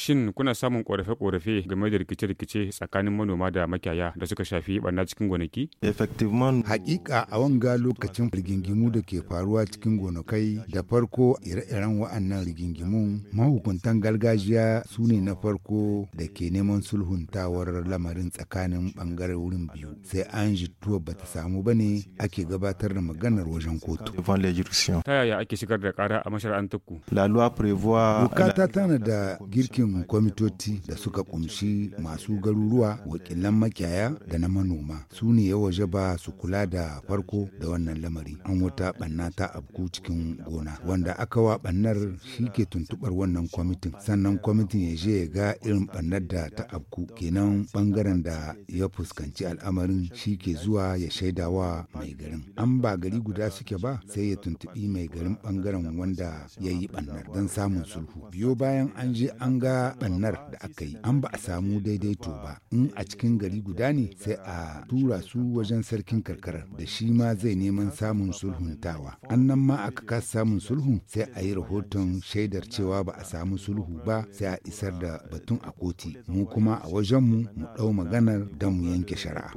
Shin kuna samun ƙorafe korafe game da rikice-rikice tsakanin manoma da makiyaya da suka shafi barna cikin gonaki? Hakika a wanga lokacin rigingimu da ke faruwa cikin gonakai da farko ire-iren wa'annan rigingimu mahukuntan gargajiya su ne na farko da ke neman sulhuntawar lamarin tsakanin wurin biyu sai an jituwa bata samu ba ne ake gabatar da maganar wajen kotu. Ta yaya ake shigar da kara a mashara'antar ku? Bukata tana da girkin irin kwamitoci da suka kumshi masu garuruwa wakilan makiyaya da na manoma su ne ya waje ba su kula da farko da wannan lamari an wuta banna ta abku cikin gona wanda aka wa bannar shi ke tuntubar wannan kwamitin sannan kwamitin ya je ya ga irin bannar da ta abku kenan bangaren da ya fuskanci al'amarin shi ke zuwa ya shaida wa mai garin an ba gari guda suke ba sai ya tuntubi mai garin bangaren wanda ya yi bannar don samun sulhu biyo bayan an je an ga bannar da aka yi an ba a samu daidaito ba in a cikin gari guda ne sai a tura su wajen sarkin karkarar da shi ma zai neman samun sulhuntawa an nan ma aka kasa samun sulhun sai a yi rahoton shaidar cewa ba a samu sulhu ba sai a isar da batun a koti mu kuma a wajenmu mu ɗau maganar don mu yanke shari'a.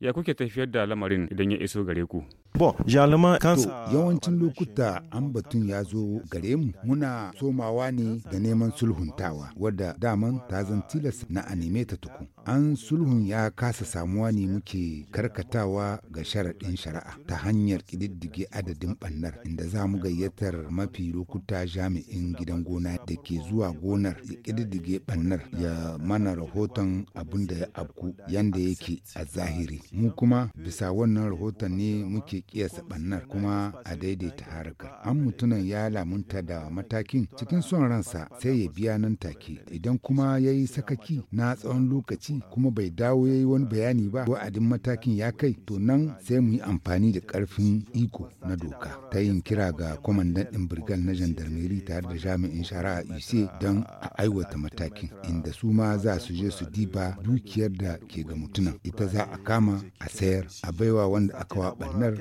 Ya kuke tafiyar da lamarin idan ya iso gare ku? Bon, jalama kansa. Yawancin lokuta an batun ya zo gare mu muna somawa ne da neman sulhuntawa wadda daman ta zan tilas na a neme ta tuku. An sulhun ya kasa samuwa ne muke karkatawa ga sharaɗin shari'a ta hanyar ƙididdige adadin ɓannar inda za mu gayyatar mafi lokuta jami'in gidan gona da ke zuwa gonar ya ƙididdige ɓannar ya mana rahoton abin da ya abku yanda yake a zahiri. Mu kuma bisa wannan rahoton ne muke kiyasa bannar kuma a daidaita harkar an mutunan ya lamunta da matakin cikin son ransa sai ya biya nan take idan kuma ya yi sakaki na tsawon lokaci kuma bai dawo ya yi wani bayani ba wa'adin matakin ya kai to nan sai mu yi amfani da karfin iko na doka ta yin kira ga kwamandan ɗin birgal na jandarmeri tare da jami'in shari'a ise don a aiwata matakin inda su ma za su je su diba dukiyar da ke ga mutunan ita za a kama a sayar a baiwa wanda aka wa bannar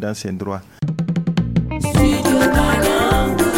dans don droit.